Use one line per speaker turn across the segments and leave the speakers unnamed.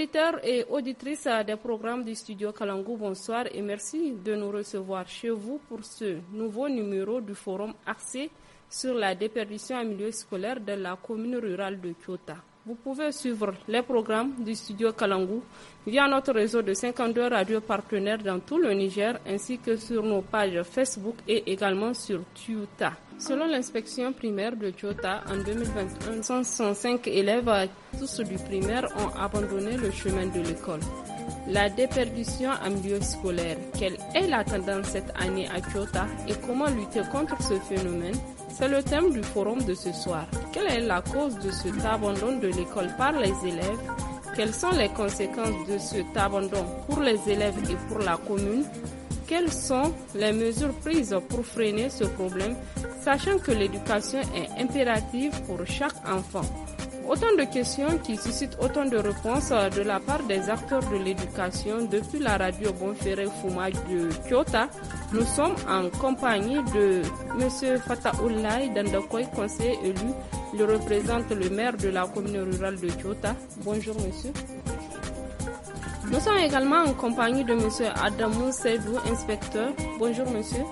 auditeurs et auditrices des programmes du studio Kalangou, bonsoir et merci de nous recevoir chez vous pour ce nouveau numéro du forum axé sur la déperdition en milieu scolaire de la commune rurale de Kyoto. Vous pouvez suivre les programmes du studio Kalangu via notre réseau de 52 radios partenaires dans tout le Niger ainsi que sur nos pages Facebook et également sur Tuta. Selon l'inspection primaire de Tuta, en 2021, 105 élèves tous du primaire ont abandonné le chemin de l'école. La déperdition en milieu scolaire, quelle est la tendance cette année à Tuta et comment lutter contre ce phénomène c'est le thème du forum de ce soir. Quelle est la cause de cet abandon de l'école par les élèves Quelles sont les conséquences de cet abandon pour les élèves et pour la commune Quelles sont les mesures prises pour freiner ce problème, sachant que l'éducation est impérative pour chaque enfant Autant de questions qui suscitent autant de réponses euh, de la part des acteurs de l'éducation depuis la radio Bonferré Fouma de Kyoto. Nous sommes en compagnie de M. Fataoulay Dandakoy, conseiller élu. Il représente le maire de la commune rurale de Kyoto. Bonjour, monsieur. Nous sommes également en compagnie de M. Adamou Seydou, inspecteur. Bonjour, monsieur.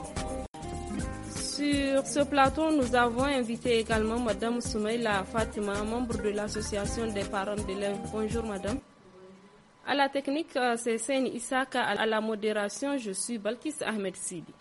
Sur ce plateau, nous avons invité également Madame Soumaïla Fatima, membre de l'association des parents d'élèves. Bonjour Madame. À la technique, euh, c'est Seine Isaka. À la modération, je suis Balkis Ahmed Sidi.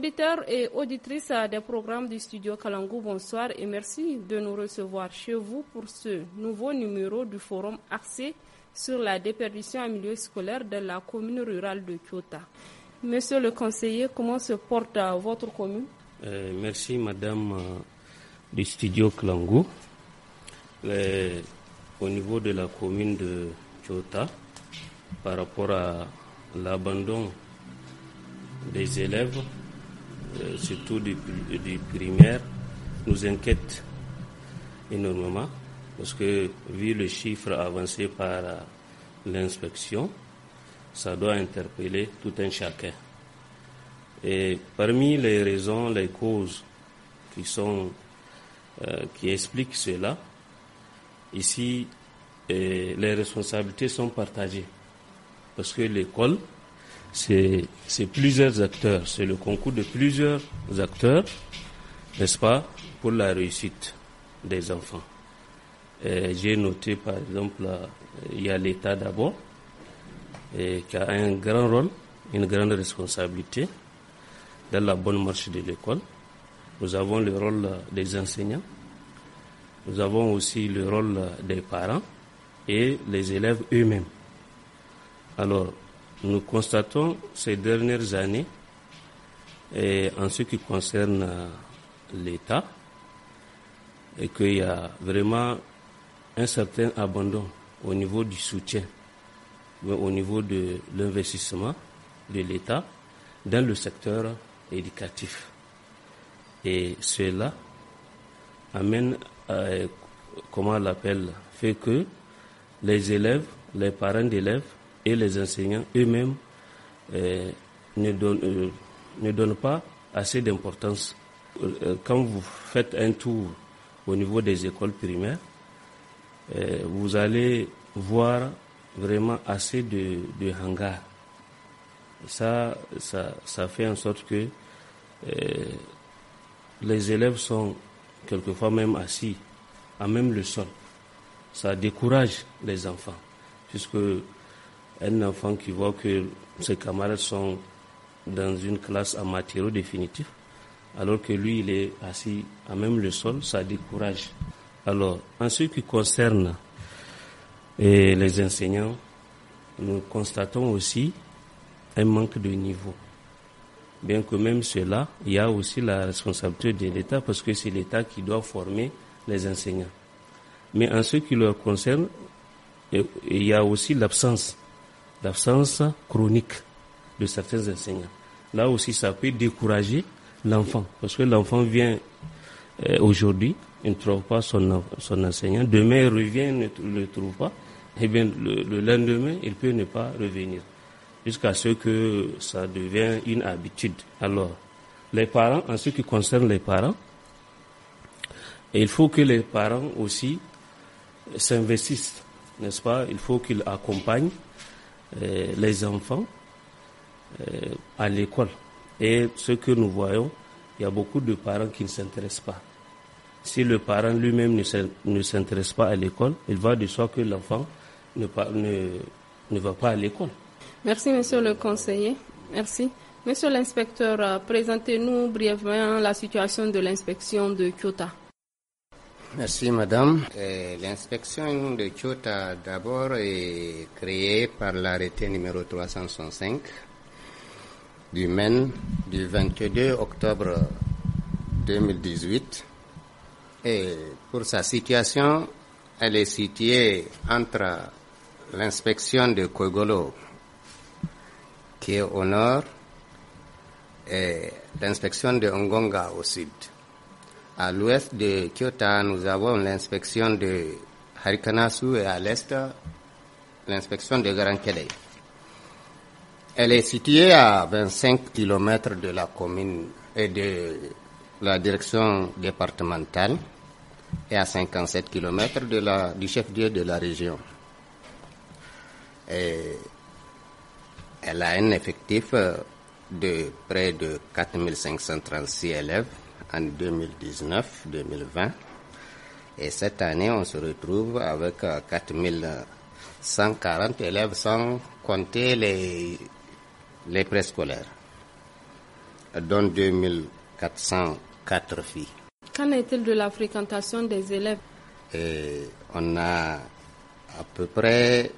Auditeurs et auditrices des programmes du studio Kalangou, bonsoir et merci de nous recevoir chez vous pour ce nouveau numéro du forum axé sur la déperdition en milieu scolaire de la commune rurale de Kyoto. Monsieur le conseiller, comment se porte euh, votre commune
euh, Merci madame euh, du studio Kalangu. au niveau de la commune de Kyoto, par rapport à l'abandon des élèves euh, surtout du, primaire, nous inquiète énormément parce que vu le chiffre avancé par l'inspection, ça doit interpeller tout un chacun. Et parmi les raisons, les causes qui sont euh, qui expliquent cela, ici, euh, les responsabilités sont partagées parce que l'école c'est plusieurs acteurs, c'est le concours de plusieurs acteurs, n'est-ce pas, pour la réussite des enfants. J'ai noté par exemple, euh, il y a l'État d'abord, qui a un grand rôle, une grande responsabilité dans la bonne marche de l'école. Nous avons le rôle euh, des enseignants, nous avons aussi le rôle euh, des parents et les élèves eux-mêmes. Alors, nous constatons ces dernières années, et en ce qui concerne euh, l'État, et qu'il y a vraiment un certain abandon au niveau du soutien, au niveau de l'investissement de l'État dans le secteur éducatif. Et cela amène à, euh, comment on l'appelle, fait que les élèves, les parents d'élèves les enseignants eux-mêmes euh, ne, donnent, euh, ne pas assez d'importance. Euh, quand vous faites un tour au niveau des écoles primaires, vous allez voir vraiment assez de, de hangars. Ça, ça, ça, fait en sorte que les élèves sont quelquefois même assis à même le sol. Ça décourage les enfants, puisque un enfant qui voit que ses camarades sont dans une classe à matériaux définitifs, alors que lui, il est assis à même le sol, ça décourage. Alors, en ce qui concerne les enseignants, nous constatons aussi un manque de niveau. Bien que même cela, il y a aussi la responsabilité de l'État parce que c'est l'État qui doit former les enseignants. Mais en ce qui leur concerne, il y a aussi l'absence L'absence chronique de certains enseignants. Là aussi, ça peut décourager l'enfant, parce que l'enfant vient euh, aujourd'hui, il ne trouve pas son, son enseignant, demain il revient, ne le trouve pas, et eh bien le, le lendemain, il peut ne pas revenir, jusqu'à ce que ça devienne une habitude. Alors, les parents, en ce qui concerne les parents, il faut que les parents aussi s'investissent, n'est-ce pas Il faut qu'ils accompagnent euh, les enfants euh, à l'école. Et ce que nous voyons, il y a beaucoup de parents qui ne s'intéressent pas. Si le parent lui-même ne s'intéresse pas à l'école, il va de soi que l'enfant ne, va pas à l'école.
Merci, monsieur le conseiller. Merci. Monsieur l'inspecteur, euh, présentez-nous brièvement la situation de l'inspection de Kyoto.
Merci Madame. Euh, l'inspection de Chota d'abord est créée par l'arrêté numéro 365 du MEN du 22 octobre 2018. Et pour sa situation, elle est située entre l'inspection de Kogolo qui est au nord et l'inspection de Ngonga au sud. À l'ouest de Kyoto, nous avons l'inspection de Harikanasu et à l'est, l'inspection de Grand Elle est située à 25 km de la commune et de la direction départementale et à 57 km du chef-lieu de la région. elle a un effectif de près de 4536 élèves en 2019-2020. Et cette année, on se retrouve avec 4140 euh, élèves sans compter les, les préscolaires, dont 2404 filles.
Qu'en est-il de la fréquentation des élèves
On a à peu près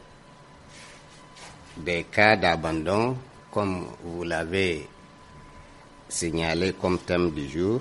des cas d'abandon, comme vous l'avez signalé comme thème du jour.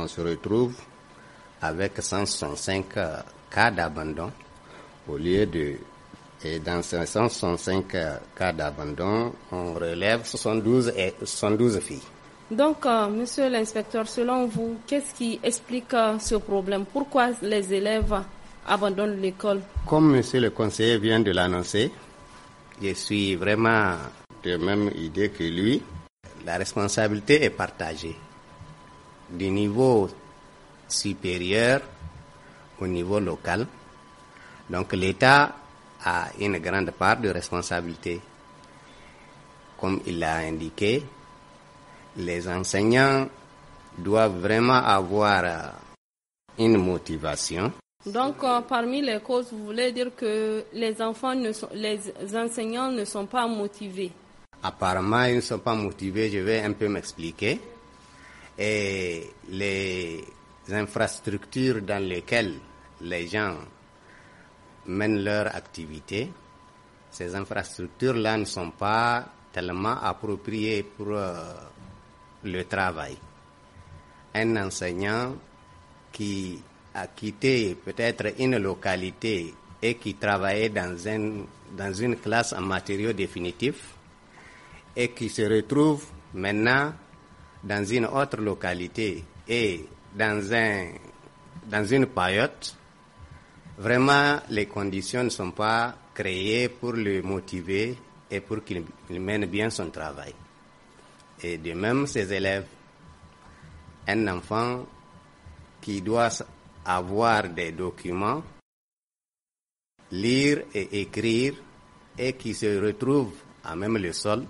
on se retrouve avec 165 cas d'abandon au lieu de et dans ces 165 cas d'abandon, on relève 72, et 72 filles.
Donc, euh, monsieur l'inspecteur, selon vous, qu'est-ce qui explique euh, ce problème Pourquoi les élèves abandonnent l'école
Comme monsieur le conseiller vient de l'annoncer, je suis vraiment de même idée que lui. La responsabilité est partagée du niveau supérieur au niveau local. Donc l'État a une grande part de responsabilité. Comme il l'a indiqué, les enseignants doivent vraiment avoir une motivation.
Donc, euh, parmi les causes, vous voulez dire que les enfants les enseignants ne sont pas motivés.
Apparemment, ils ne sont pas motivés. Je vais un peu m'expliquer et les infrastructures dans lesquelles les gens mènent leur activité, ces infrastructures-là ne sont pas tellement appropriées pour euh, le travail. Un enseignant qui a quitté peut-être une localité et qui travaillait dans, dans une classe en matériaux définitifs et qui se retrouve maintenant dans une autre localité et dans, un, dans une période, vraiment les conditions ne sont pas créées pour le motiver et pour qu'il mène bien son travail. Et de même, ses élèves, un enfant qui doit avoir des documents, lire et écrire, et qui se retrouve à même le sol,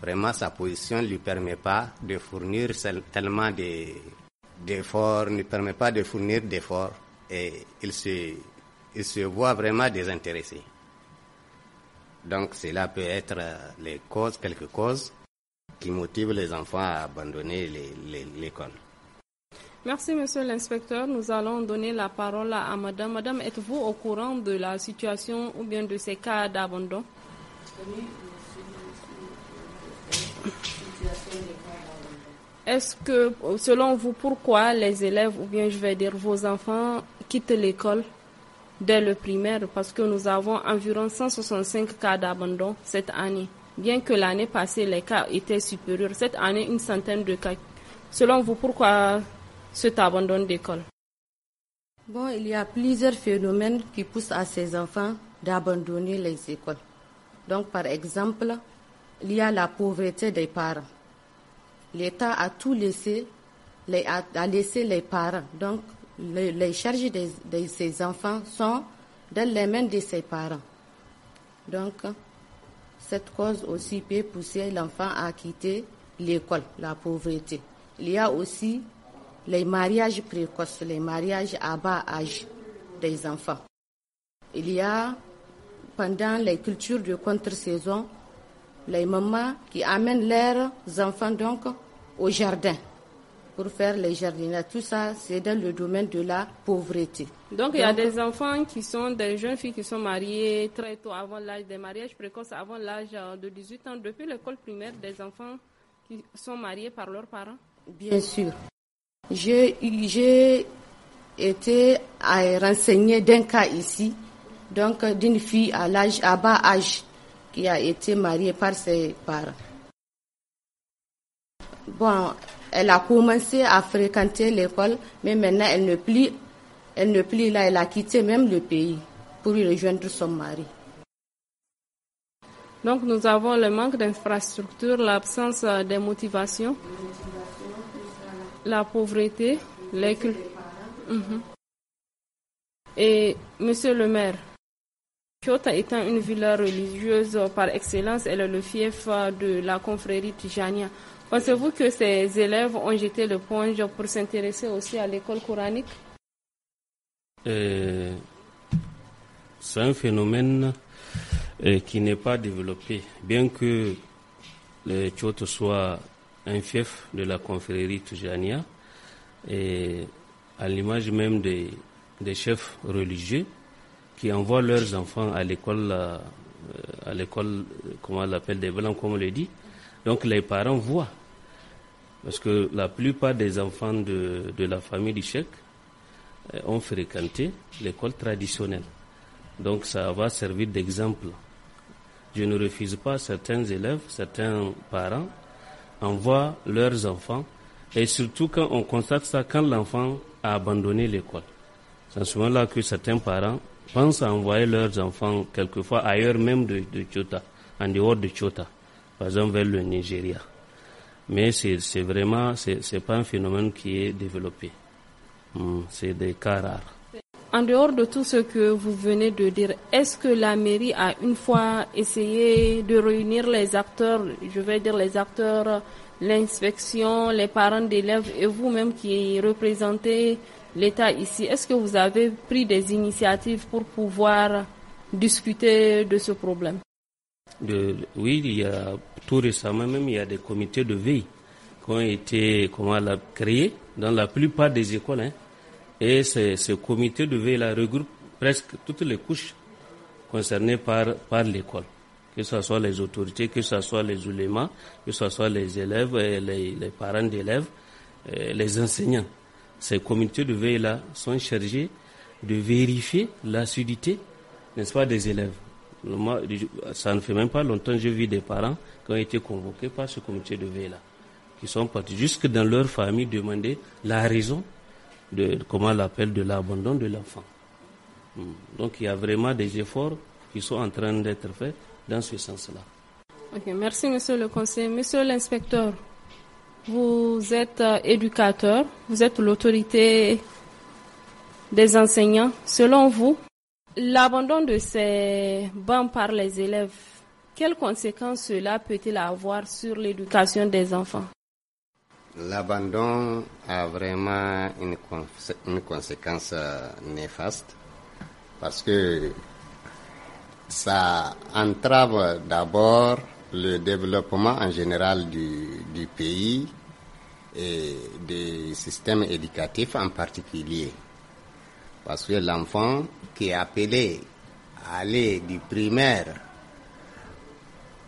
Vraiment, sa position ne lui permet pas de fournir tellement d'efforts, ne permet pas de fournir d'efforts et il se, il se voit vraiment désintéressé. Donc cela peut être euh, les causes, quelques causes qui motivent les enfants à abandonner l'école.
Merci, monsieur l'inspecteur. Nous allons donner la parole à madame. Madame, êtes-vous au courant de la situation ou bien de ces cas d'abandon est-ce que, selon vous, pourquoi les élèves, ou bien je vais dire vos enfants, quittent l'école dès le primaire Parce que nous avons environ 165 cas d'abandon cette année. Bien que l'année passée, les cas étaient supérieurs. Cette année, une centaine de cas. Selon vous, pourquoi cet abandon d'école
Bon, il y a plusieurs phénomènes qui poussent à ces enfants d'abandonner les écoles. Donc, par exemple, il y a la pauvreté des parents. L'État a tout laissé, les, a, laissé les parents. Donc, les charges de, ses ces enfants sont dans les mains de ses parents. Donc, cette cause aussi peut pousser l'enfant à quitter l'école, la pauvreté. Il y a aussi les mariages précoces, les mariages à bas âge des enfants. Il y a, pendant les cultures de contre-saison, les mamans qui amènent leurs enfants donc au jardin pour faire les jardinages. Tout ça, c'est dans le domaine
de la pauvreté. Donc, il y a des enfants qui sont des jeunes filles qui sont mariées très tôt, avant l'âge des mariages précoces, avant l'âge euh, de 18 ans, depuis l'école primaire, des enfants qui sont mariés par leurs parents Bien sûr.
J'ai été euh, renseignée d'un cas ici, donc d'une fille à, l'âge, à bas âge qui a été mariée par ses parents. Bon, elle a commencé à fréquenter l'école, mais maintenant elle ne plie, elle ne plie là, elle a quitté même le pays pour y rejoindre son mari.
Donc nous avons le manque d'infrastructures, l'absence euh, de motivation, la pauvreté, les mhm. Et monsieur le maire, Kyoto étant une ville religieuse par excellence, elle est le fief de la confrérie Tijania. Pensez-vous que ces élèves ont jeté le pont pour s'intéresser aussi à l'école coranique
euh, C'est un phénomène euh, qui n'est pas développé, bien que Kyoto soit un fief de la confrérie Tijania, à l'image même des chefs religieux qui envoient leurs enfants à l'école, euh, à l'école, comment on l'appelle, des blancs, comme on le dit. Donc les parents voient. Parce que la plupart des enfants de, de la famille du chèque euh, ont fréquenté l'école traditionnelle. Donc ça va servir d'exemple. Je ne refuse pas certains élèves, certains parents envoient leurs enfants et surtout quand on constate ça, quand l'enfant a abandonné l'école. C'est à ce moment-là que certains parents pensent à envoyer leurs enfants quelquefois ailleurs même de, de en dehors de Chota, par exemple vers le Nigeria. Mais c'est vraiment, c'est pas un phénomène qui est développé. Hmm, c'est des cas rares.
En dehors de tout ce que vous venez de dire, est-ce que la mairie a une fois essayé de réunir les acteurs, je vais dire les acteurs, l'inspection, les parents d'élèves et vous-même qui représentez l'État ici, est-ce que vous avez pris des initiatives pour pouvoir discuter de ce problème
Oui, il y a tout récemment même, il y a des comités de veille qui ont été comment créés dans la plupart des écoles. Hein. Et ce, comité de veille là, regroupe presque toutes les couches concernées par, par l'école, que ce soit les autorités, que ce soit les ulémas, que ce soit les élèves, les parents d'élèves, euh, les enseignants. Ces comités de veille-là sont chargés de vérifier l'assiduité, n'est-ce pas, des élèves. ça ne fait même pas longtemps, que j'ai vis des parents qui ont été convoqués par ce comité de veille-là, qui sont partis jusque dans leur famille demander la raison de, comment l'appel, de l'abandon de l'enfant. Hmm. Donc il y a vraiment des efforts qui sont en train d'être faits dans ce sens-là.
merci Monsieur le Conseiller. Monsieur l'inspecteur, vous êtes euh, éducateur, vous êtes l'autorité des enseignants. Selon vous, l'abandon de ces bancs par les élèves, quelles conséquences cela peut-il avoir sur l'éducation des enfants
L'abandon a vraiment une, une conséquence euh, néfaste parce que ça entrave d'abord le développement en général du, pays et des systèmes éducatifs en particulier. Parce que l'enfant qui est appelé à aller du primaire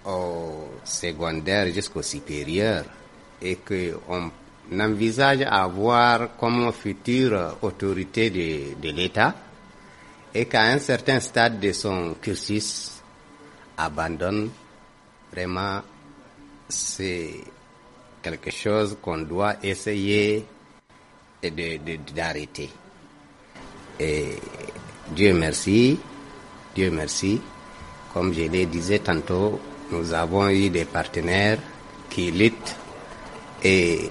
au secondaire jusqu'au supérieur et qu'on envisage avoir comme future autorité de, de l'État et qu'à un certain stade de son cursus abandonne Vraiment, c'est quelque chose qu'on doit essayer d'arrêter. De, Et Dieu merci, Dieu merci. Comme je le disais tantôt, nous avons eu des partenaires qui luttent et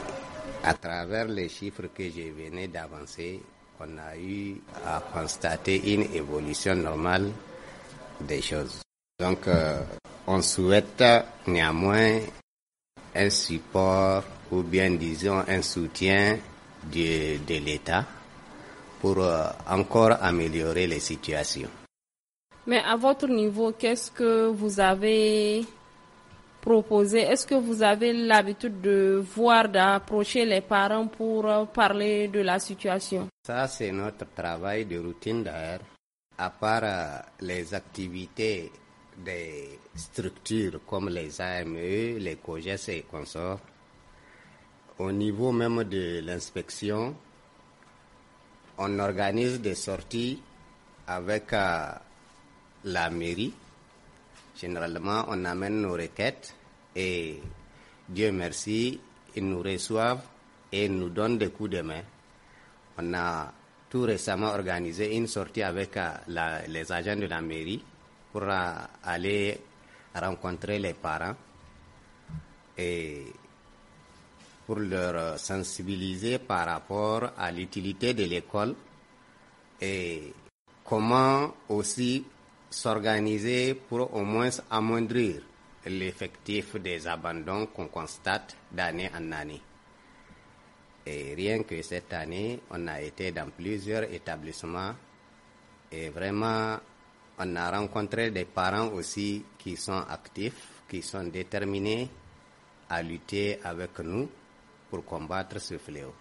à travers les chiffres que je venais d'avancer, on a eu à constater une évolution normale des choses. Donc, euh, on souhaite néanmoins un support ou bien disons un soutien de, l'État pour euh, encore améliorer les situations.
Mais à votre niveau, qu'est-ce que vous avez proposé Est-ce que vous avez l'habitude de voir, d'approcher les parents pour euh, parler de la situation
Ça, c'est notre travail de routine d'ailleurs. À part euh, les activités des structures comme les AME, les COGES et consorts, au niveau même de l'inspection, on organise des sorties avec euh, la mairie. Généralement, on amène nos requêtes et Dieu merci, ils nous reçoivent et nous donnent des coups de main. On a tout récemment organisé une sortie avec euh, les agents de la mairie pour aller rencontrer les parents et pour leur sensibiliser par rapport à l'utilité de l'école et comment aussi s'organiser pour au moins amoindrir l'effectif des abandons qu'on constate d'année en année. Et rien que cette année, on a été dans plusieurs établissements et vraiment on a rencontré des parents aussi qui sont actifs, qui sont déterminés à lutter avec nous pour combattre ce fléau.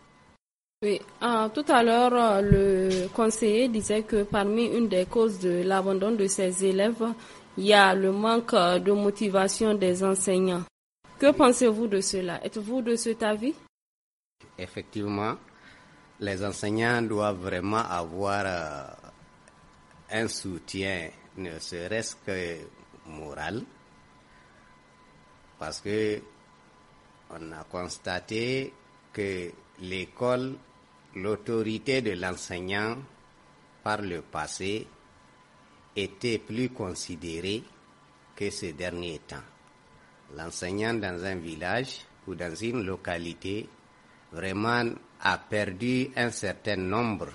Oui, ah, tout à l'heure, le conseiller disait que parmi une des causes de l'abandon de ses élèves, il y a le manque de motivation des enseignants. Que pensez-vous de cela Êtes-vous de cet avis
Effectivement, les enseignants doivent vraiment avoir euh, un soutien, ne serait-ce que moral, parce que on a constaté que l'école, l'autorité de l'enseignant par le passé était plus considérée que ces derniers temps. L'enseignant dans un village ou dans une localité vraiment a perdu un certain nombre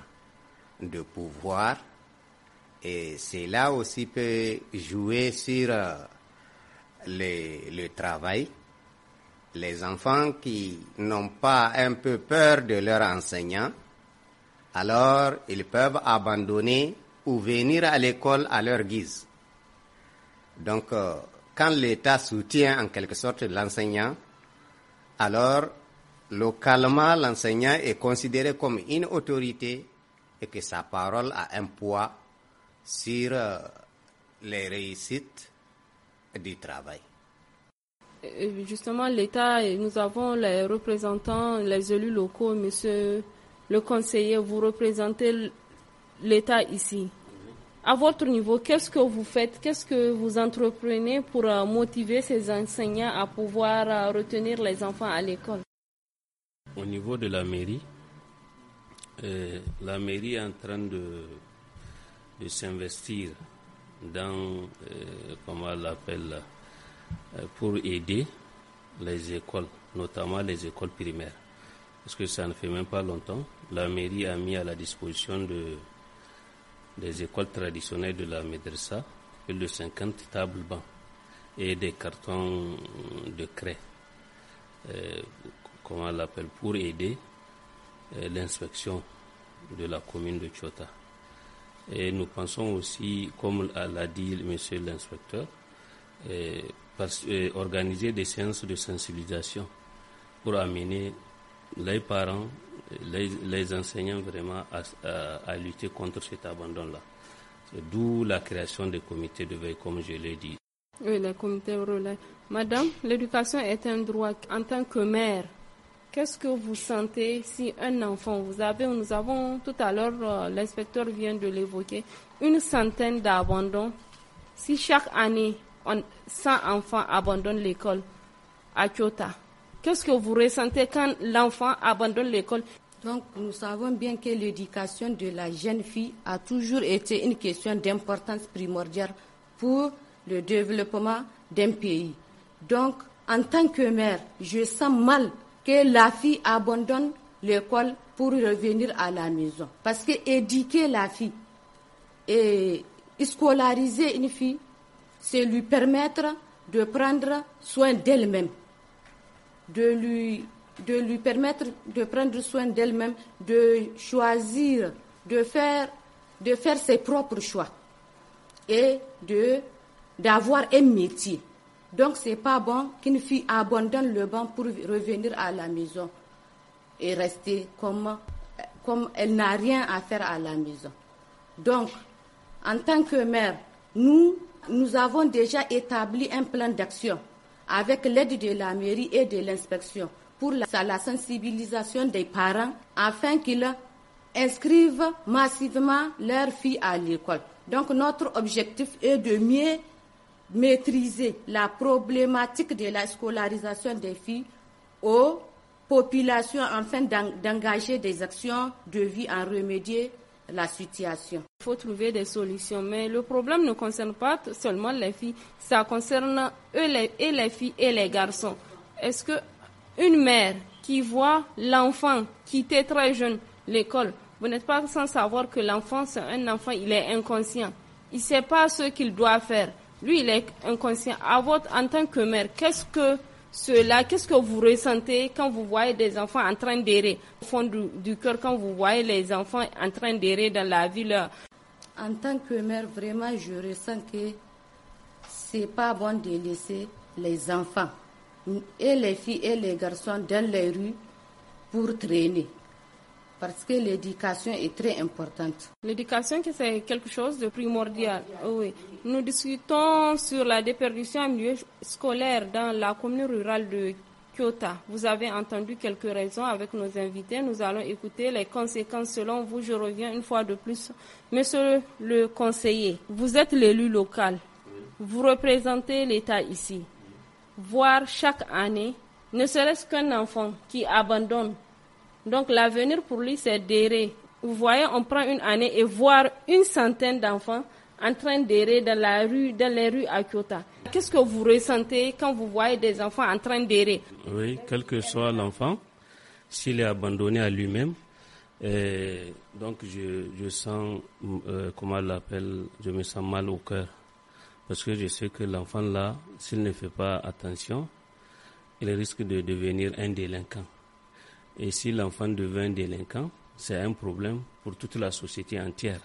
de pouvoirs et cela aussi peut jouer sur euh, le, le travail. Les enfants qui n'ont pas un peu peur de leur enseignant, alors ils peuvent abandonner ou venir à l'école à leur guise. Donc, euh, quand l'État soutient en quelque sorte l'enseignant, alors localement l'enseignant est considéré comme une autorité et que sa parole a un poids sur les réussites du travail.
Euh, justement, l'État, nous avons les représentants, les élus locaux, monsieur le conseiller, vous représentez l'État ici. À votre niveau, qu'est-ce que vous faites, qu'est-ce que vous entreprenez pour euh, motiver ces enseignants à pouvoir euh, retenir les enfants à l'école
Au niveau de la mairie, la mairie est en train de de s'investir dans, euh, comment on l'appelle, euh, pour aider les écoles, notamment les écoles primaires. Parce que ça ne fait même pas longtemps, la mairie a mis à la disposition de, des écoles traditionnelles de la Médressa plus de 50 tables bancs et des cartons de craie, euh, comment on l'appelle, pour aider l'inspection de la commune de Chota. Et nous pensons aussi, comme l'a dit monsieur l'inspecteur, euh, euh, organiser des séances de sensibilisation pour amener les parents, les, enseignants vraiment à, lutter contre cet abandon-là. D'où la création des comités de veille, comme je l'ai dit.
Oui, les comités relais. Madame, l'éducation est un droit. En tant que maire Qu'est-ce que vous sentez si un enfant, vous avez, nous avons tout à l'heure, euh, l'inspecteur vient de l'évoquer, une centaine d'abandons. Si chaque année, on, 100 enfants abandonnent l'école à Kyoto, qu'est-ce que vous ressentez quand l'enfant abandonne l'école donc, nous savons bien que l'éducation
de la jeune fille a toujours été une question d'importance primordiale pour le développement d'un pays. Donc, en tant que mère, je sens mal que la fille abandonne l'école pour revenir à la maison. Parce que éduquer la fille et scolariser une fille, c'est lui permettre de prendre soin d'elle-même, de lui, de lui permettre de prendre soin d'elle-même, de choisir, de faire, de faire ses propres choix et d'avoir un métier. Donc c'est pas bon qu'une fille abandonne le banc pour revenir à la maison et rester comme, comme elle n'a rien à faire à la maison. Donc, en tant que mère, nous, nous avons déjà établi un plan d'action avec l'aide de la mairie et de l'inspection pour la, la, sensibilisation des parents afin qu'ils inscrivent massivement leurs filles à l'école. Donc notre objectif est de mieux maîtriser la problématique de la scolarisation des filles aux populations afin d'engager des actions de vie en remédier
la situation. Il faut trouver des solutions, mais le problème ne concerne pas seulement les filles, ça concerne eux les, et les filles et les garçons. Est-ce que une mère qui voit l'enfant quitter très jeune l'école, vous n'êtes pas sans savoir que l'enfant, c'est un enfant, il est inconscient. Il ne sait pas ce qu'il doit faire. Lui, il est inconscient. À votre, en tant que mère, qu'est-ce que cela, qu'est-ce que vous ressentez quand vous voyez des enfants en train d'errer au fond du, cœur, quand vous voyez les enfants en train d'errer dans la ville En tant que mère, vraiment, je ressens que
c'est pas bon de laisser les enfants et les filles et les garçons dans les rues pour traîner parce que l'éducation est très importante.
L'éducation, c'est quelque chose de primordial. Oh oui. Nous discutons sur la déperdition en milieu scolaire dans la commune rurale de Kyoto. Vous avez entendu quelques raisons avec nos invités. Nous allons écouter les conséquences selon vous. Je reviens une fois de plus. Monsieur le conseiller, vous êtes l'élu local. Vous représentez l'État ici. Voir chaque année, ne serait-ce qu'un enfant qui abandonne donc l'avenir pour lui, c'est d'errer. Vous voyez, on prend une année et voir une centaine d'enfants en train d'errer dans la rue, dans les rues à Kyoto. Qu'est-ce que vous ressentez quand vous voyez des enfants en train d'errer
Oui, quel que soit l'enfant, s'il est abandonné à lui-même, donc je, je sens, euh, comment l'appelle, je me sens mal au cœur. Parce que je sais que l'enfant là, s'il ne fait pas attention, il risque de devenir un délinquant. Et si l'enfant devient délinquant, c'est un problème pour toute la société entière.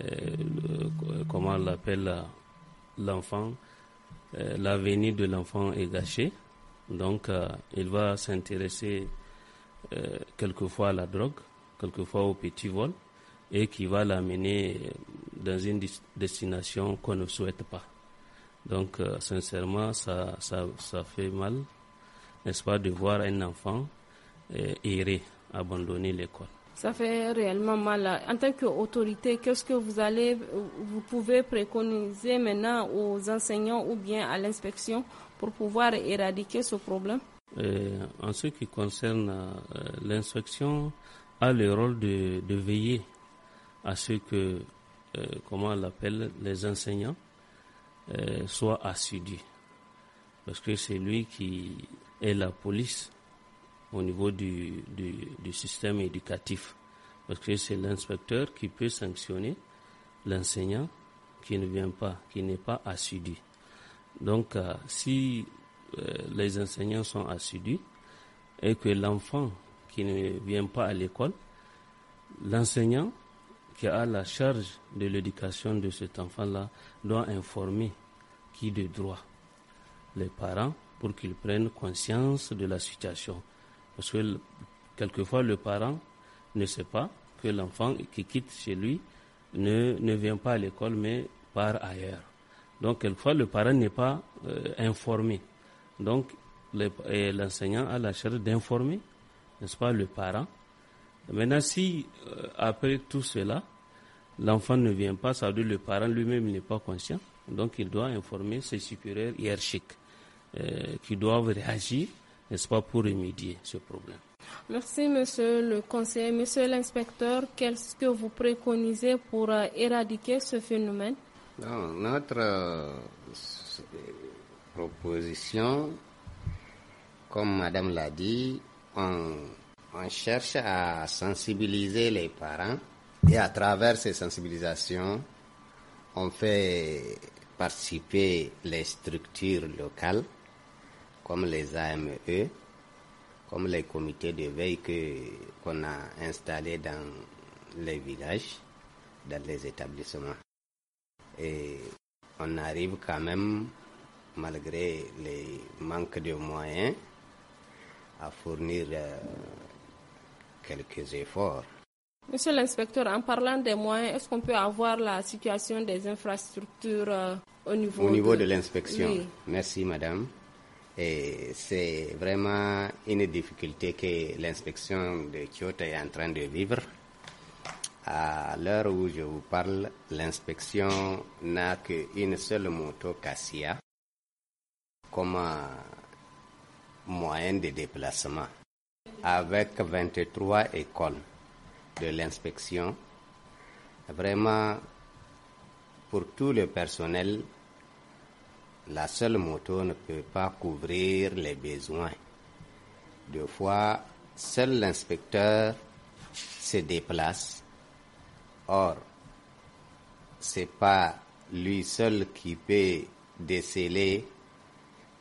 Euh, comment l'appelle euh, l'enfant euh, L'avenir de l'enfant est gâché. Donc, il va s'intéresser quelquefois à la drogue, quelquefois au petit vol, et qui va l'amener dans une destination qu'on ne souhaite pas. Donc, sincèrement, ça, ça fait mal, n'est-ce pas, de voir un enfant iri euh, abandonner l'école.
Ça fait réellement mal. En tant qu'autorité, qu'est-ce que vous allez, vous pouvez préconiser maintenant aux enseignants ou bien à l'inspection pour pouvoir éradiquer ce problème
euh, En ce qui concerne l'inspection, euh, l'inspection, a le rôle de, veiller à ce que, comment on l'appelle, les enseignants soient assidus. Parce que c'est lui qui est la police au niveau du, du, système éducatif. Parce que c'est l'inspecteur qui peut sanctionner l'enseignant qui ne vient pas, qui n'est pas assidu. Donc, euh, si euh, les enseignants sont assidus et que l'enfant qui ne vient pas à l'école, l'enseignant qui a la charge de l'éducation de cet enfant-là doit informer qui de droit les parents pour qu'ils prennent conscience de la situation. Parce que quelquefois, le parent ne sait pas que l'enfant qui quitte chez lui ne, ne vient pas à l'école, mais part ailleurs. Donc, quelquefois, le parent n'est pas euh, informé. Donc, l'enseignant a la charge d'informer, n'est-ce pas, le parent. Maintenant, si euh, après tout cela, l'enfant ne vient pas, ça veut dire que le parent lui-même n'est pas conscient. Donc, il doit informer ses supérieurs hiérarchiques euh, qui doivent réagir n'est-ce pas, pour remédier ce problème.
Merci, monsieur le Conseil, Monsieur l'inspecteur, qu'est-ce que vous préconisez pour euh, éradiquer ce phénomène
Notre euh,
proposition, comme madame l'a dit, on, on cherche à sensibiliser les parents et à travers ces sensibilisations, on fait participer les structures locales comme les AME, comme les comités de veille qu'on a installés dans les villages, dans les établissements. Et on arrive quand même, malgré les manques de moyens, à fournir euh, quelques efforts.
Monsieur l'inspecteur, en parlant des moyens, est-ce qu'on peut avoir la situation des infrastructures euh, au niveau Au niveau de, l'inspection.
Merci, madame. Et eh, c'est vraiment une difficulté que l'inspection de Kyoto est en train de vivre. À l'heure où je vous parle, l'inspection n'a qu'une seule moto Cassia comme moyen de déplacement, avec 23 écoles de l'inspection. Vraiment, pour tout le personnel, la seule moto ne peut pas couvrir les besoins. Deux fois, seul l'inspecteur se déplace. Or, c'est pas lui seul qui peut déceler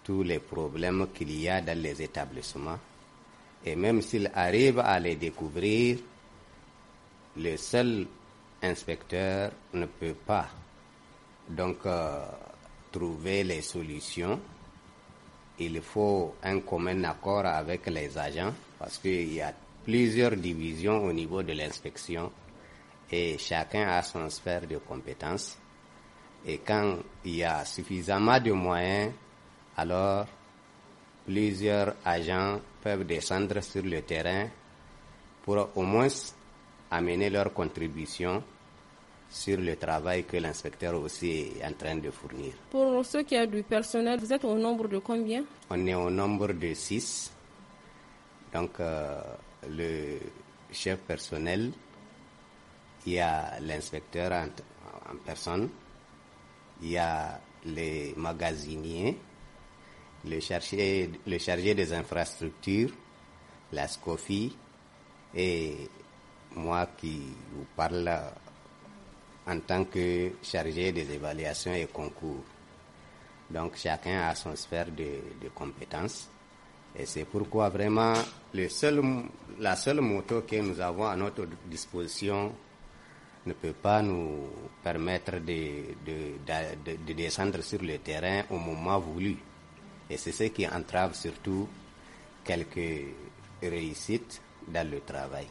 tous les problèmes qu'il y a dans les établissements. Et même s'il arrive à les découvrir, le seul inspecteur ne peut pas. Donc, euh, trouver les solutions. Il faut un commun accord avec les agents parce qu'il y a plusieurs divisions au niveau de l'inspection et chacun a son sphère de compétences. Et quand il y a suffisamment de moyens, alors plusieurs agents peuvent descendre sur le terrain pour au moins amener leur contribution sur le travail que l'inspecteur aussi est en train de fournir.
Pour ceux qui ont du personnel, vous êtes au nombre de combien
On est au nombre de 6. Donc euh, le chef personnel, il y a l'inspecteur en, personne, il y a les magasiniers, le chargé, le chargé des infrastructures, la SCOFI et moi qui vous parle euh, en tant que chargé des évaluations et concours. Donc chacun a son sphère de, compétences. Et c'est pourquoi vraiment la seule moto que nous avons à notre disposition ne peut pas nous permettre de descendre sur le terrain au moment voulu. Et c'est ce qui entrave surtout quelques réussites dans le travail.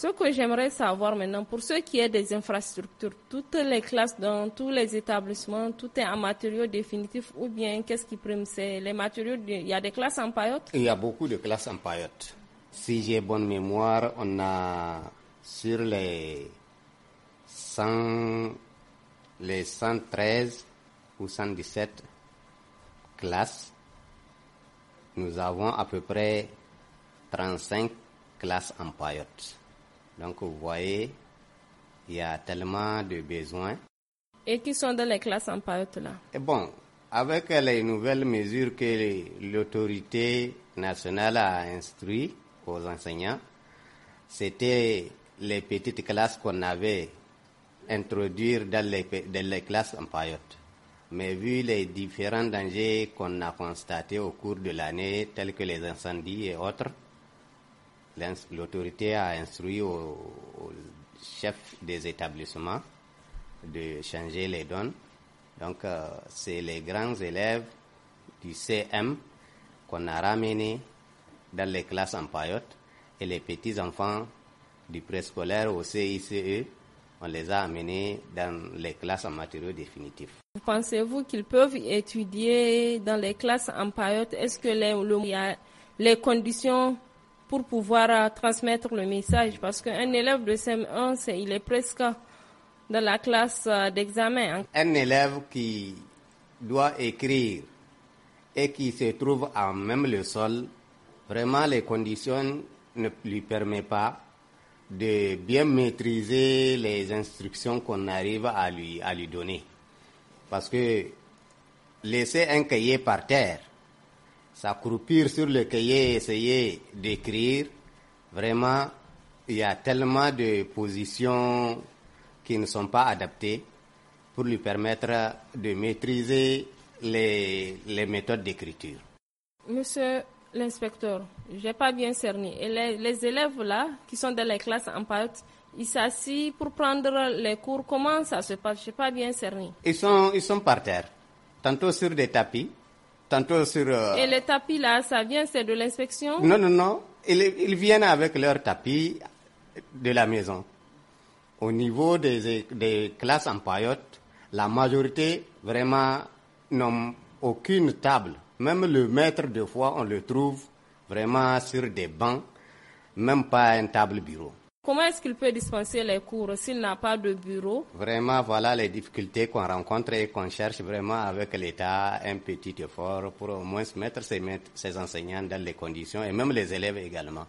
Ce que j'aimerais savoir maintenant, pour ce qui est des infrastructures, toutes les classes dans tous les établissements, tout est en matériaux définitifs ou bien qu'est-ce qui prime C'est les matériaux, il y a des classes en paillotte
Il y a beaucoup de classes en paillotte. Si j'ai bonne mémoire, on a sur les, 113 ou 117 classes, nous avons à peu près 35 classes en paillotte. Donc vous voyez, il y a tellement de besoins.
Et qui sont dans les classes en PAET là
Bon, avec les nouvelles mesures que l'autorité nationale a instruites aux enseignants, c'était les petites classes qu'on avait introduire dans les, classes en paillotte. Mais vu les différents dangers qu'on a constatés au cours de l'année, tels que les incendies et autres, l'autorité a instruit au chef des établissements de changer les dons. Donc, euh, c'est les grands élèves du CM qu'on a ramenés dans les classes en période et les petits-enfants du préscolaire au CICE, on les a amenés dans les classes en matériaux définitifs.
Pensez-vous qu'ils peuvent étudier dans les classes en période Est-ce que les, les conditions pour pouvoir euh, transmettre le message. Parce qu'un élève de CM1, il est presque dans la classe euh, d'examen. Hein. Un
élève qui doit écrire et qui se trouve en même le sol, vraiment les conditions ne lui permettent pas de bien maîtriser les instructions qu'on arrive à lui, à lui donner. Parce que laisser un cahier par terre, s'accroupir sur le cahier et essayer d'écrire, vraiment, il y a tellement de positions qui ne sont pas adaptées pour lui permettre de maîtriser les, méthodes d'écriture.
Monsieur l'inspecteur, je n'ai pas bien cerné. Et les, élèves là, qui sont dans les classes en pâte, ils s'assient pour prendre les cours. Comment ça se passe Je n'ai pas bien cerné.
Ils sont, ils sont par terre, tantôt sur des tapis, tantôt sur... Euh, Et
les tapis là, ça vient, c'est de l'inspection Non,
non, non. Ils, viennent avec leurs tapis de la maison. Au niveau des, des classes en paillotte, la majorité vraiment n'ont aucune table. Même le maître de foi, on le trouve vraiment sur des bancs, même pas un table bureau.
Comment est-ce qu'il peut dispenser les cours s'il n'a pas de bureau
Vraiment, voilà les difficultés qu'on rencontre et qu'on cherche vraiment avec l'État un petit effort pour au moins mettre ses enseignants dans les conditions et même les élèves également.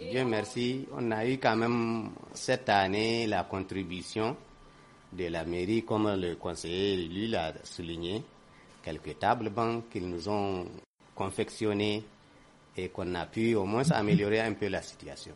Dieu merci, on a eu quand même cette année la contribution de la mairie, comme le conseiller lui l'a souligné, quelques tables banques qu'ils nous ont confectionnées et qu'on a pu au moins améliorer un peu la situation.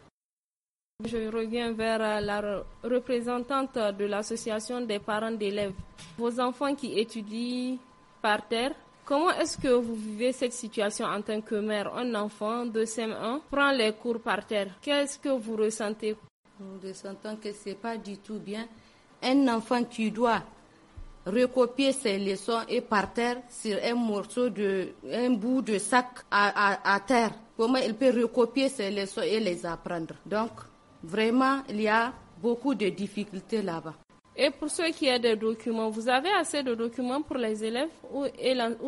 Je reviens vers euh, la représentante de l'association des parents d'élèves. Vos enfants qui étudient par terre, comment est-ce que vous vivez cette situation en tant que mère Un enfant de CM1 prend les cours par terre. Qu'est-ce que vous ressentez Nous ressentons que ce n'est pas
du tout bien. Un enfant qui doit recopier ses leçons et par terre sur un morceau de un bout de sac à, terre. Comment il peut recopier ses leçons et les apprendre Donc Vraiment, il y a beaucoup de
difficultés là-bas. Et pour ceux qui ont des documents, vous avez assez de documents pour les élèves ou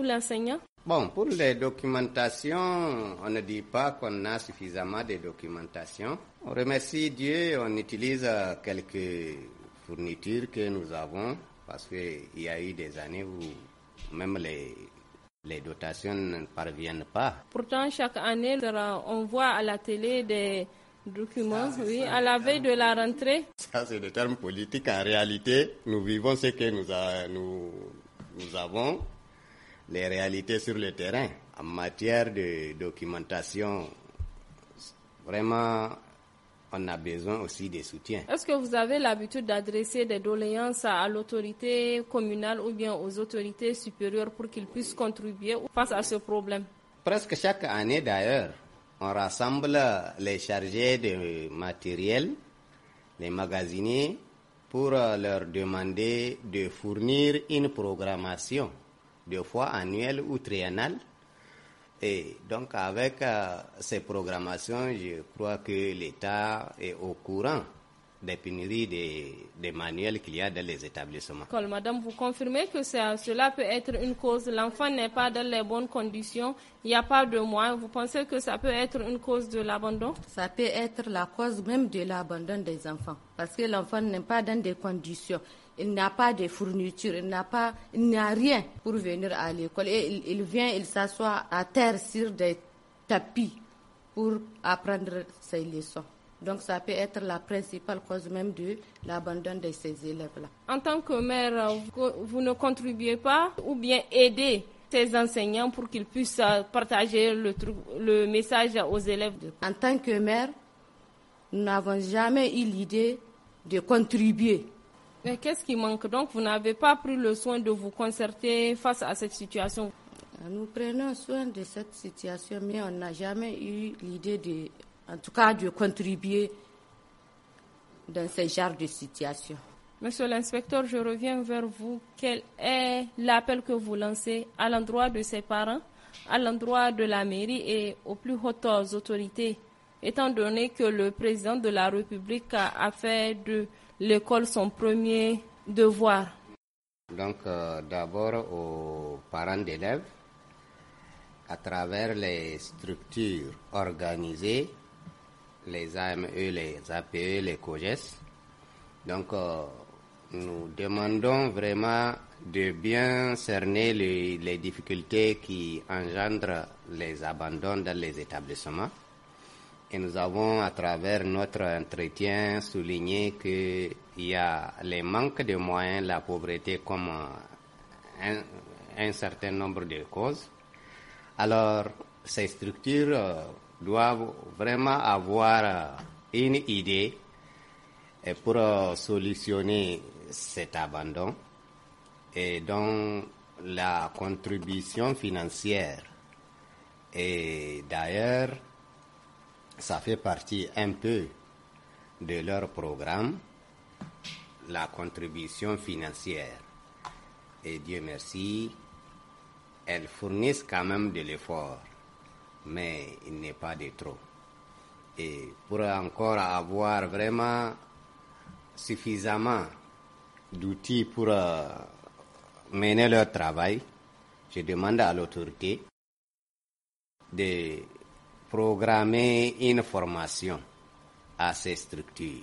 l'enseignant
Bon, pour les documentations, on ne dit pas qu'on a suffisamment de documentations. On remercie Dieu, on utilise euh, quelques fournitures que nous avons parce qu'il y a eu des années où même les, les dotations ne parviennent pas.
Pourtant, chaque année, on voit à la télé des Documents, oui, à la veille de la rentrée.
Ça, c'est des termes politiques. En réalité, nous vivons ce que nous, avons, les réalités sur le terrain. En matière de documentation, vraiment, on a besoin aussi des soutiens.
Est-ce que vous avez l'habitude d'adresser des doléances à l'autorité communale ou bien aux autorités supérieures pour qu'ils puissent contribuer face à ce problème
Presque chaque année d'ailleurs, on rassemble les chargés de matériel, les magasiniers, pour leur demander de fournir une programmation deux fois annuelle ou triennale. Et donc avec euh, ces programmations, je crois que l'État est au courant des pénuries des, manuels qu'il y a dans les établissements.
madame, vous confirmez que cela peut être une cause. L'enfant n'est pas dans les bonnes conditions, il n'y a pas de mois. Vous pensez que ça peut être une cause de l'abandon Ça peut être la cause
même de l'abandon des enfants,
parce que l'enfant
n'est pas dans des conditions. Il n'a pas de fournitures. il n'a pas, n'a rien pour venir à l'école. Et il vient, il s'assoit à terre sur des tapis pour apprendre ses leçons. Donc ça peut être la principale cause même de l'abandon de ces élèves-là.
En tant que maire, vous ne contribuez pas ou bien aidez ces enseignants pour qu'ils puissent partager le, message aux élèves En
tant que maire, nous n'avons jamais
eu l'idée de contribuer. Mais qu'est-ce qui manque Donc vous n'avez pas pris le soin de vous concerter face à cette situation
Nous prenons soin de cette situation, mais on n'a jamais eu l'idée de en tout cas de contribuer dans ce genre de situation.
Monsieur l'inspecteur, je reviens vers vous. Quel est l'appel que vous lancez à l'endroit de ses parents, à l'endroit de la mairie et aux plus hautes autorités, étant donné que le président de la République a fait de l'école son premier devoir
Donc euh, d'abord aux parents d'élèves, à travers les structures organisées les AME, les APE, les COGES. Donc, euh, nous demandons vraiment de bien cerner les, difficultés qui engendrent les abandons dans les établissements. Et nous avons, à travers notre entretien, souligné qu'il y a les manques de moyens, la pauvreté comme un, un certain nombre de causes. Alors, ces structures euh, doivent vraiment avoir euh, une idée euh, pour euh, solutionner cet abandon et donc la contribution financière et d'ailleurs ça fait partie un peu de leur programme la contribution financière et Dieu merci elles fournissent quand même de l'effort mais il n'est pas de trop. Et pour encore avoir vraiment suffisamment d'outils pour euh, mener leur travail, je demande à l'autorité de programmer une formation à ces structures.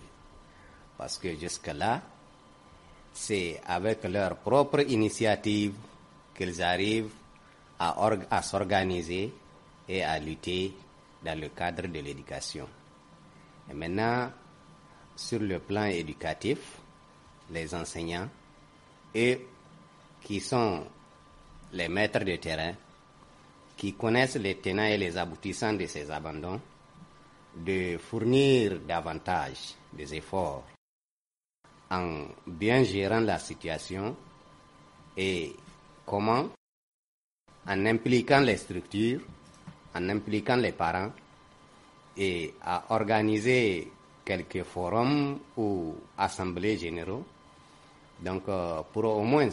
Parce que jusque-là, c'est avec leur propre initiative qu'ils arrivent à s'organiser et à lutter dans le cadre de l'éducation. Et maintenant, sur le plan éducatif, les enseignants et qui sont les maîtres de terrain, qui connaissent les tenants et les aboutissants de ces abandons, de fournir davantage des efforts en bien gérant la situation et comment en impliquant les structures en impliquant les parents et à organiser quelques forums ou assemblées généraux, donc euh, pour au moins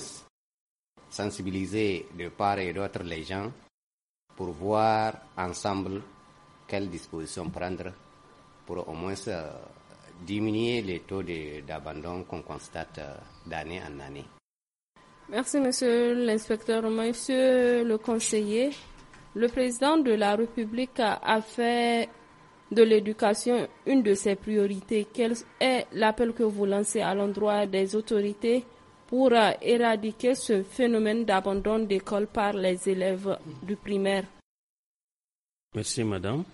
sensibiliser de part et d'autre les gens pour voir ensemble quelles dispositions prendre pour au moins euh, diminuer les taux d'abandon qu'on constate euh, d'année en année.
Merci, monsieur l'inspecteur, monsieur le conseiller. Le président de la République a fait de l'éducation une de ses priorités. Quel est l'appel que vous lancez à l'endroit des autorités pour euh, éradiquer ce phénomène d'abandon d'école par les élèves du primaire
Merci, madame.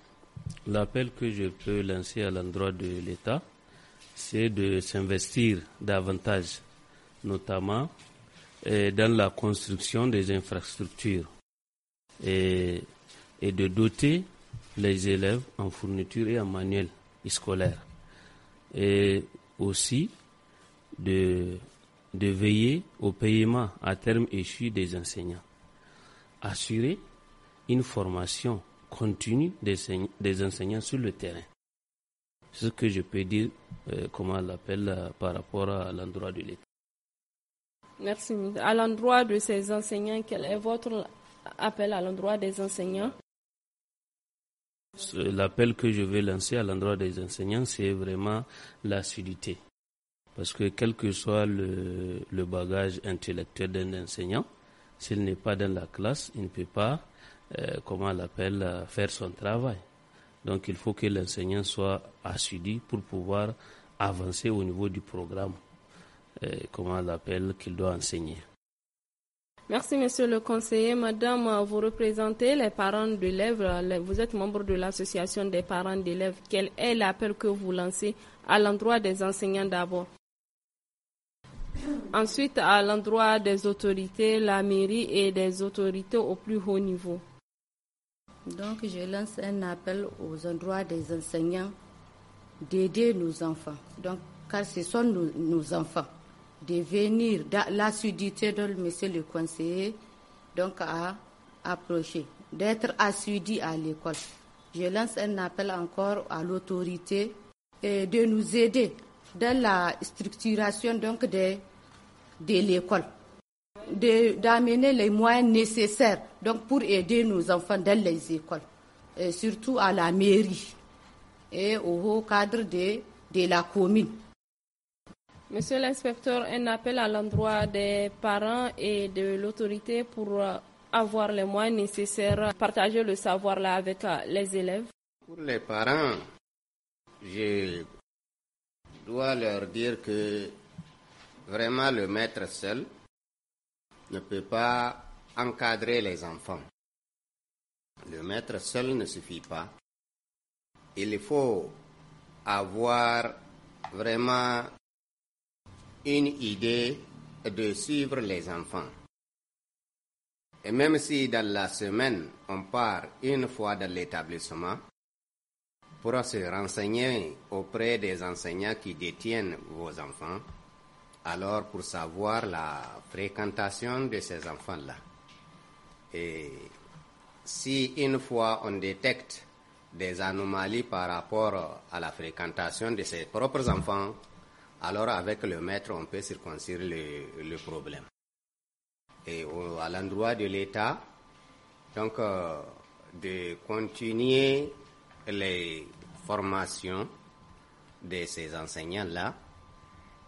L'appel que je peux lancer à l'endroit de l'État, c'est de s'investir davantage, notamment euh, dans la construction des infrastructures et, et de doter les élèves en fourniture et en manuel scolaire. Et aussi de, de veiller au paiement à terme échu des enseignants. Assurer une formation continue des, enseignants sur le terrain. C'est ce que je peux dire, euh, comment l'appelle, euh, par rapport à l'endroit de l'État.
Merci. À l'endroit de ces enseignants, quel est votre appel à l'endroit des enseignants
L'appel que je vais lancer à l'endroit des enseignants, c'est vraiment l'assiduité. Parce que quel que soit le, bagage intellectuel d'un enseignant, s'il n'est pas dans la classe, il ne peut pas, euh, comment on l'appelle, euh, faire son travail. Donc il faut que l'enseignant soit assidu pour pouvoir avancer au niveau du programme, euh, comment on l'appelle, qu'il doit enseigner.
Merci, monsieur le conseiller. Madame, vous représentez les parents d'élèves. Vous êtes membre de l'association des parents d'élèves. Quel est l'appel que vous lancez à l'endroit des enseignants d'abord Ensuite, à l'endroit des autorités, la mairie et des autorités au plus haut niveau. Donc, je lance un appel aux
endroits des enseignants d'aider nos enfants. Donc, car ce sont nos enfants de venir dans l'assiduité de monsieur le conseiller donc a approché, d'être assidu à l'école. Je lance un appel encore à l'autorité de nous aider dans la structuration de, l'école, d'amener les moyens nécessaires pour aider nos enfants dans les écoles, et surtout à la mairie et au cadre de la commune.
Monsieur l'inspecteur, un appel à l'endroit des parents et de l'autorité pour euh, avoir les moyens nécessaires, partager le savoir-là avec euh, les élèves.
Pour les parents, je dois leur dire que vraiment le maître seul ne peut pas encadrer les enfants. Le maître seul ne suffit pas. Il faut avoir vraiment une idée de suivre les enfants. Et même si dans la semaine on part une fois dans l'établissement, pour se renseigner auprès des enseignants qui détiennent vos enfants, alors pour savoir la fréquentation de ces enfants-là. Et si une fois on détecte des anomalies par rapport à la fréquentation de ses propres enfants, alors avec le maître, on peut circoncire le, problème. Et à l'endroit de l'État, donc euh, de continuer les formations de ces enseignants-là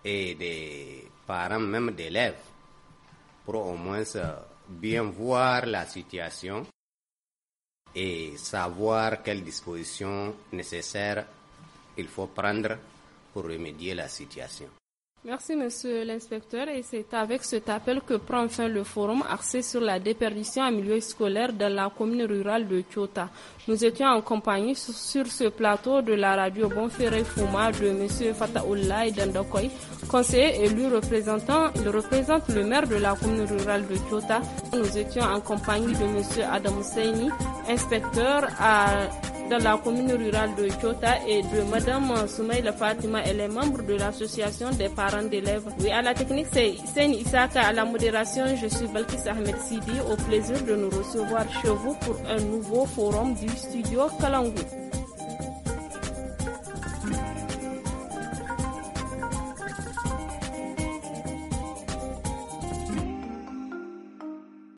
et des parents même d'élèves pour au moins bien voir la situation et savoir quelles dispositions nécessaires il faut prendre pour remédier la situation.
Merci, monsieur l'inspecteur. Et c'est avec cet appel que prend fin le forum axé sur la déperdition en milieu scolaire dans la commune rurale de Tchota. Nous étions en compagnie sur ce plateau de la radio Bonferré Fouma de monsieur Fataoula Dandokoy, conseiller élu représentant. Il représente le maire de la commune rurale de Tchota. Nous étions en compagnie de monsieur Adam Seini, inspecteur à dans la commune rurale de Chota et de Madame Soumaïla Fatima. Elle est membre de l'association des parents d'élèves. Oui, à la technique, c'est Hussein Isaka. À la modération, je suis Balkis Ahmed Sidi. Au plaisir de nous recevoir chez vous pour un nouveau forum du studio Kalangou.